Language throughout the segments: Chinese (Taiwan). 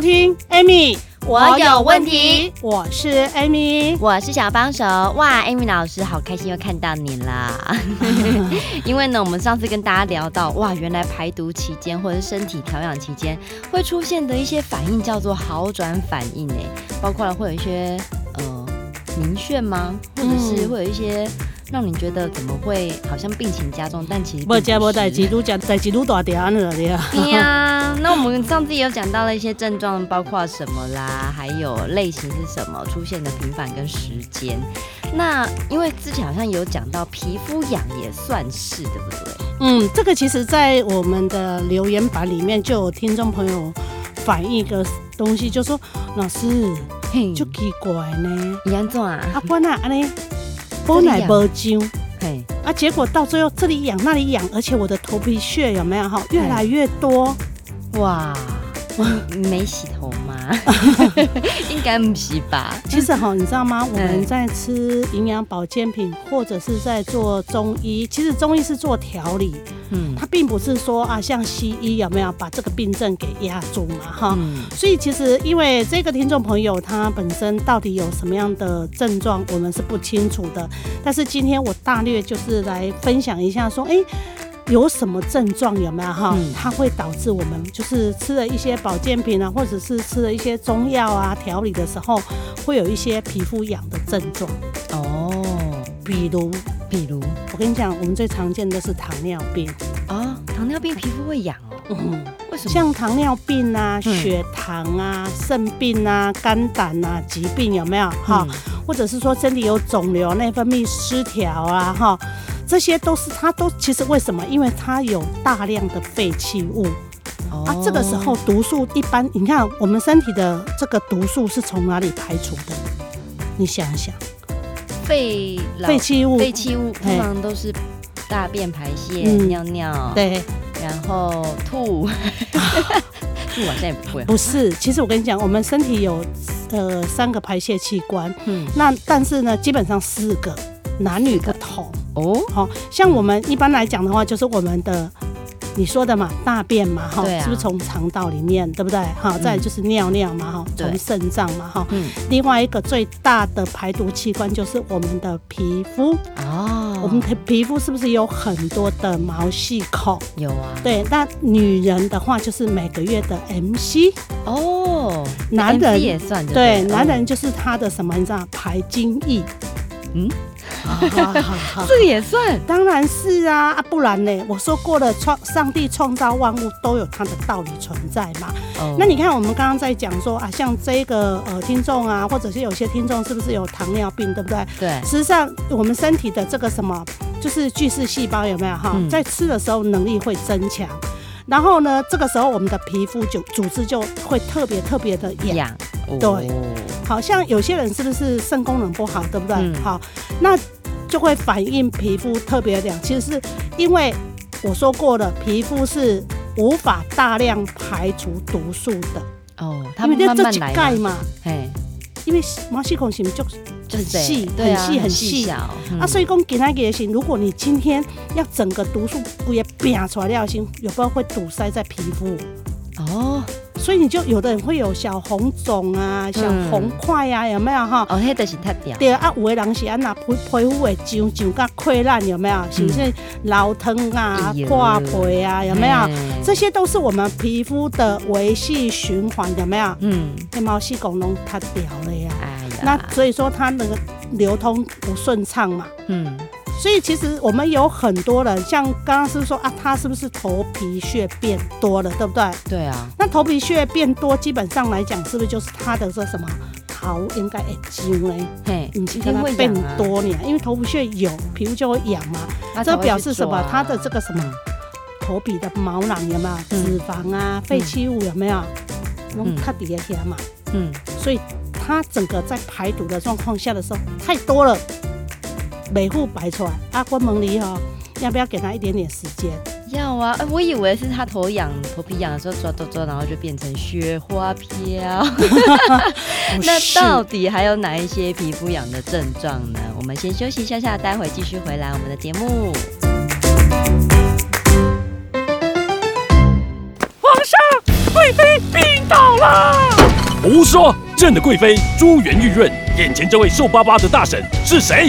聽，Amy，我有問題。我是 Amy，我是小幫手。哇，Amy 老師好開心又看到你了。 因為呢，我們上次跟大家聊到，哇，原來排毒期間或者身體調養期間會出現的一些反應，叫做好轉反應耶，包括了會有一些呃暈眩嗎，嗯、或者是會有一些。讓你覺得怎麼會好像病情加重，但其實沒呷沒代誌，愈呷代誌愈大條安了的呀。對呀、 嗯，那我們上次有講到了一些症狀，包括什麼啦，還有類型是什麼，出現的頻繁跟時間。那因為之前好像有講到皮膚癢也算是對不對？嗯，這個其實在我們的留言板裡面就有聽眾朋友反映一個東西，就說老師就、嗯、奇怪呢，嚴重麼啊，阿官啊，阿你。包奶包尿，哎，啊，結果到最後這裡癢那裡癢，而且我的頭皮屑有沒有哈越來越多？哇，哇沒洗的。 應該不是吧？其實齁，你知道嗎？我們在吃營養保健品，或者是在做中醫。其實中醫是做調理，嗯，它並不是說啊，像西醫有沒有把這個病症給壓住嘛，哈。嗯、所以其實，因為這個聽眾朋友他本身到底有什麼樣的症狀，我們是不清楚的。但是今天我大略就是來分享一下說，說、欸、哎。有什麼症狀有沒有哈？它會導致我們就是吃了一些保健品啊，或者是吃了一些中藥啊調理的時候，會有一些皮膚癢的症狀。哦，比如比如，我跟你講，我們最常見的是糖尿病啊，糖尿病皮膚會癢、喔、嗯嗯，為什麼？像糖尿病啊，血糖啊，腎、嗯、病啊，肝膽啊，肝啊，肝啊疾病有沒有哈？嗯、或者是說身體有腫瘤、內分泌失調啊哈？這些都是它都其實為什麼？因為它有大量的廢棄物，哦、啊，這個時候毒素一般，你看我們身體的這個毒素是從哪裡排除的？你想一想，廢廢棄物，廢棄物、欸、通常都是大便排泄、嗯、尿尿，對，然後吐，吐好像不會。不是，其實我跟你講，我們身體有呃三個排泄器官，嗯，那但是呢，基本上四個，男女的哦，好像我們一般來講的話，就是我們的你說的嘛，大便嘛，哈、啊，是不是從腸道裡面，對不對？哈、嗯，再就是尿尿嘛，哈，從腎臟嘛，哈對。嗯。另外一個最大的排毒器官就是我們的皮膚。哦。我們的皮膚是不是有很多的毛細孔？有啊。對，那女人的話就是每個月的 MC。哦。男人也算。對，哦、男人就是他的什麼？你知道排精液。嗯。這個也算，當然是啊啊，不然呢？我說過了，創上帝創造萬物都有它的道理存在嘛。Oh. 那你看，我們剛剛在講說啊，像這個呃聽眾啊，或者是有些聽眾是不是有糖尿病，對不對？對。實際上，我們身體的這個什麼，就是巨噬細胞有沒有哈？嗯、在吃的時候能力會增強，然後呢，這個時候我們的皮膚就組織就會特別特別的癢。Yeah. 對，好像有些人是不是腎功能不好，對不對？嗯、好，那就會反應皮膚特別癢。其實是因為我說過了，皮膚是無法大量排除毒素的。哦，他們慢慢來來因就這幾鈣嘛。哎，因為毛細孔型就很細，對很細，啊、很細。啊，所以講，給它給它先。如果你今天要整個毒素不要飆出來，了先，有時候會堵塞在皮膚？哦。所以你就有的人會有小紅腫啊、小紅塊啊，嗯、有沒有哈？哦，那都是脫掉。對啊，有的人是安那皮皮膚會上上甲潰爛，有沒有？是不是老疼啊、化呦皮啊，有沒有？唉這些都是我們皮膚的微細循環，有沒有？嗯，誒，毛細孔攏脫掉了，哎、呀。呀，那所以說它那個流通不順暢嘛。嗯。所以其實我們有很多人，像剛剛是說啊，他是不是頭皮屑變多了，對不對？對啊。那頭皮屑變多，基本上來講，是不是就是他的這什麼頭應該也重嘞？你今天會變、啊、多呢，因為頭皮屑有，皮膚就會癢嘛。啊、這表示什麼？他的這個什麼頭皮的毛囊有沒有脂肪啊、廢棄物有沒有弄特別多嘛？嗯，嗯所以它整個在排毒的狀況下的時候太多了。每戶擺出來，阿公蒙離哈，要不要給他一點點時間？要啊、欸，我以為是他頭癢，頭皮癢的時候，抓抓抓，然後就變成雪花飄。 是 那到底還有哪一些皮膚癢的症狀呢？我們先休息一下下，待會繼續回來我們的節目。皇上，貴妃病倒了！胡說，朕的貴妃珠圓玉潤，眼前這位瘦巴巴的大嬸是誰？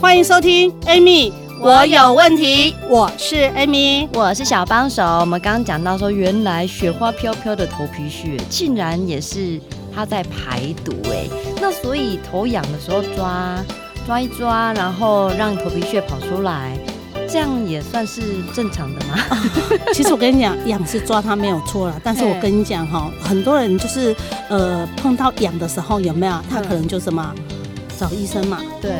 歡迎收聽 Amy，我有問題，我是 Amy，我是小幫手。我們剛剛講到說，原來雪花飄飄的頭皮屑，竟然也是它在排毒誒、欸，那所以頭癢的時候抓抓一抓，然後讓頭皮屑跑出來。這樣也算是正常的嗎 其實我跟你講，癢是抓它沒有錯了。但是我跟你講哈，很多人就是呃碰到癢的時候有沒有？他可能就什麼找醫生嘛，對，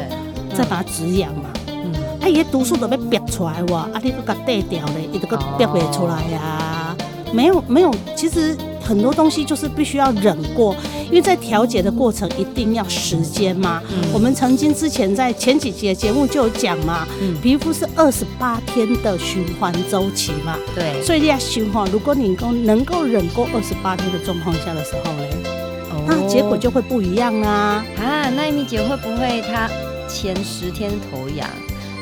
再把它止癢嘛。嗯，哎，一些、嗯、毒素都被逼出來哇，啊你、嗯啊、都給帶掉嘞，一個個逼出來呀。哦、沒有沒有，其實很多東西就是必須要忍過。因為在調節的過程一定要時間嘛，我們曾經之前在前幾集的節目就有講嘛，皮膚是二十八天的循環周期嘛，對，所以你要循環。如果你夠能夠忍過二十八天的狀況下的時候呢，那結果就會不一樣啦。啊！那 Amy 姐會不會她前十天頭癢，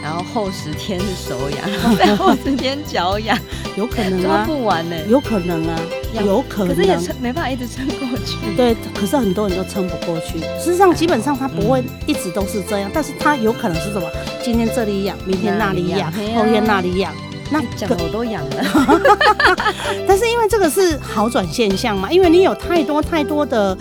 然後後十天是手癢，然後再後十天腳癢？有可能啊，怎麼不完呢？有可能啊。養有可能，可是也撐沒辦法一直撐過去。對，可是很多人都撐不過去。嗯、事實際上，基本上他不會一直都是這樣，嗯、但是他有可能是什麼？今天這裡癢，明天裡那裡癢，啊、後天那裡癢，那狗、個、都癢了。 但是因為這個是好轉現象嘛，因為你有太多太多的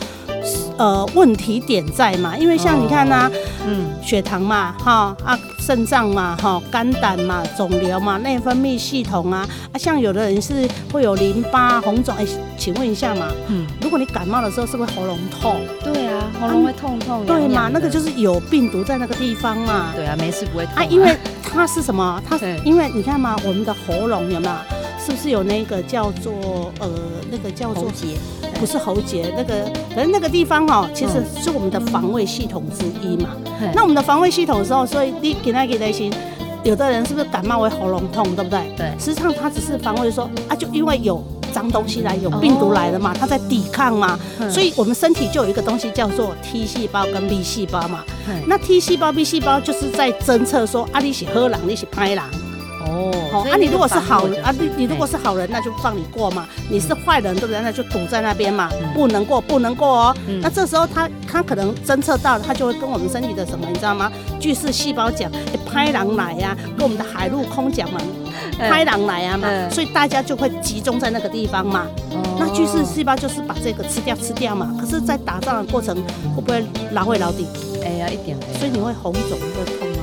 呃問題點在嘛，因為像你看吶、啊，嗯，血糖嘛，哈、哦、啊。腎臟嘛，哈，肝膽嘛，腫瘤嘛，內分泌系統啊，啊，像有的人是會有淋巴紅腫。哎、欸，請問一下嘛，嗯，如果你感冒的時候，是不是喉嚨痛？對啊，喉嚨會痛痛。啊、對嘛，的那個就是有病毒在那個地方嘛。對啊，沒事不會痛啊。啊，因為它是什麼？它對因為你看嘛，我們的喉嚨有沒有？是不是有那個叫做呃，那個叫做喉結？不是喉結那個，反正那個地方哦，其實是我們的防衛系統之一嘛。那我們的防衛系統的時候，所以你平常給擔心，有的人是不是感冒會喉嚨痛，對不對？對，實際上他只是防衛說啊，就因為有髒東西來，有病毒來了嘛，他在抵抗嘛。所以我們身體就有一個東西叫做 T 細胞跟 B 細胞嘛。那 T 細胞、B 細胞就是在偵測說，啊你是喝狼，你是拍狼。哦，好、oh, so、啊！你如果是好人啊，你你如果是好人，那就放你過嘛。嗯、你是壞人，對不對？那就堵在那邊嘛，嗯、不能過，不能過哦。嗯、那這時候他他可能偵測到，他就會跟我們身體的什麼，你知道嗎？巨噬細胞講，拍、欸、狼來呀、啊，跟我們的海陸空講嘛，拍狼來呀、啊。嘛。嗯、所以大家就會集中在那個地方嘛。那巨噬細胞就是把這個吃掉吃掉嘛。可是，在打仗的過程，會不會撓會撓底？哎呀、欸，一點。所以你會紅腫、會痛嗎？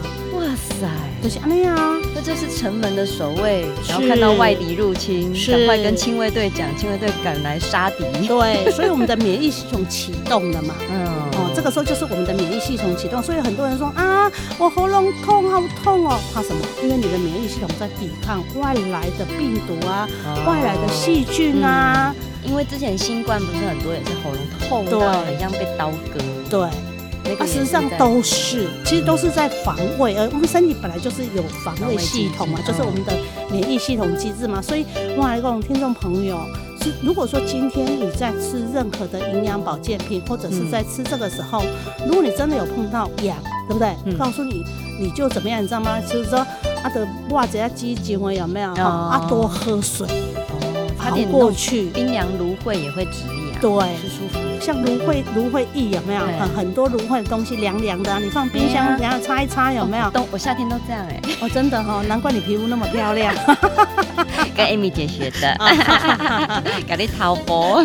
哇塞！不是阿妹啊，那這是城門的守衛，然後看到外敵入侵，趕快跟親衛隊講，親衛隊趕來殺敵。對，所以我們的免疫系統啟動了嘛？嗯，哦，這個時候就是我們的免疫系統啟動，所以很多人說啊，我喉嚨痛，好痛哦、喔，怕什麼？因為你的免疫系統在抵抗外來的病毒啊，外來的細菌啊。因為之前新冠不是很多也是喉嚨痛，對，好像被刀割。對。啊，實際上都是，其實都是在防衛。呃，我們身體本來就是有防衛系統嘛，就是我們的免疫系統機制嘛。所以，哇，各位聽眾朋友，是如果說今天你在吃任何的營養保健品，或者是在吃這個時候，如果你真的有碰到癢，對不對？嗯嗯、告訴你，你就怎麼樣，你知道嗎？就是說，阿德，襪子要積極，有沒有？啊阿多喝水，泡點過去，冰涼蘆薈也會止癢，對，像蘆薈，蘆薈液有沒有？很很多蘆薈的東西，涼涼的。你放冰箱，然後擦一擦，有沒有？冬我夏天都這樣哎。哦，真的哈，難怪你皮膚那麼漂亮。跟 Amy 姐學的，跟你超火。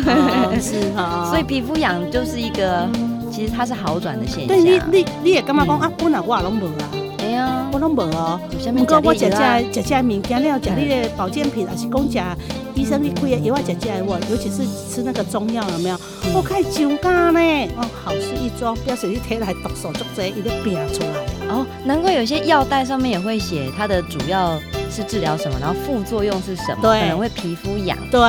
是哈。所以皮膚癢就是一個，其實它是好轉的現象。對你，你你也幹嘛講啊？我哪我啊攏沒啊？沒呀，我攏沒哦。不過我吃吃的吃麵乾你要吃你的保健品還是公食。醫生外，一貴啊！一萬姐姐，我尤其是吃那個中藥有沒有？我開酒家呢，哦、喔喔，好事一樁，不要隨一天來獨手做賊，一個病出來了。哦，難怪有些藥袋上面也會寫它的主要是治療什麼，然後副作用是什麼，什麼對可能會皮膚癢。對，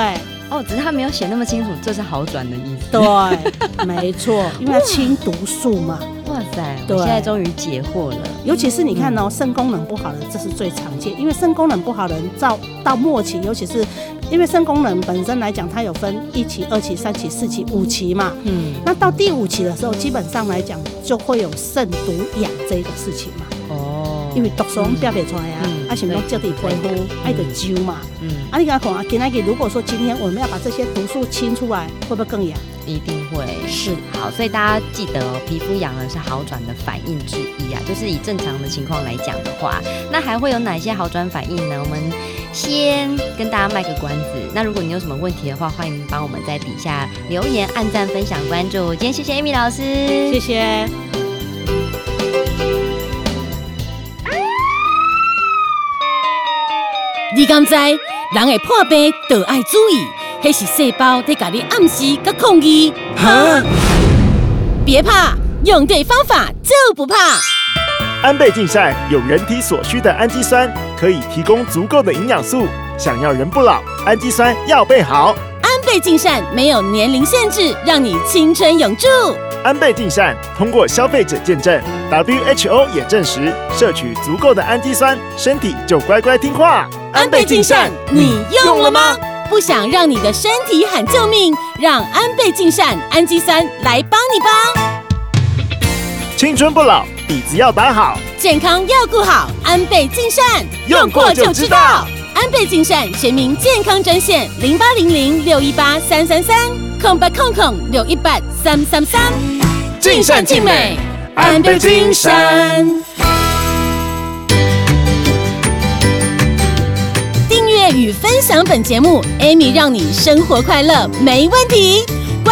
哦、喔，只是它沒有寫那麼清楚，這是好轉的意思。對， 沒錯錯，因為它清毒素嘛。哇塞，對我現在終於解惑了。尤其是你看哦、喔，腎、嗯、功能不好的，這是最常見，因為腎功能不好的人到到末期，尤其是。因為腎功能本身來講，它有分一期、二期、三期、四期、五期嘛。嗯。那到第五期的時候，基本上來講，就會有腎毒癢這一個事情嘛。哦。因為毒素表不出來啊，嗯、啊，想要徹底恢復，愛的灸嘛。嗯,嗯啊。啊，你看看啊，今天如果說今天我們要把這些毒素清出來，會不會更癢？一定會。是。是 好，所以大家記得哦，皮膚癢呢是好轉的反應之一啊。就是以正常的情況來講的話，那還會有哪些好轉反應呢？我們。先跟大家賣個關子，那如果你有什麼問題的話，歡迎幫我們在底下留言、按讚、分享、關注。今天謝謝 Amy 老師，謝謝。你剛才，人會破病，都愛注意，那是細胞得給你暗示個控制。哈，別怕，用對方法就不怕。安倍進善有人體所需的氨基酸，可以提供足夠的營養素。想要人不老，氨基酸要備好。安倍進善沒有年齡限制，讓你青春永駐。安倍進善通過消費者見證，WHO 也證實，攝取足夠的氨基酸，身體就乖乖聽話。安倍進善，善你用了嗎？不想讓你的身體喊救命，讓安倍進善氨基酸來幫你吧。青春不老。底子要打好，健康要顧好。安倍晉善，用過就知道。安倍晉善，全民健康專線零八零零六一八三三三，空八空空六一八三三三，盡善盡美，安倍晉三。訂閱與分享本節目，艾米讓你生活快樂，沒問題。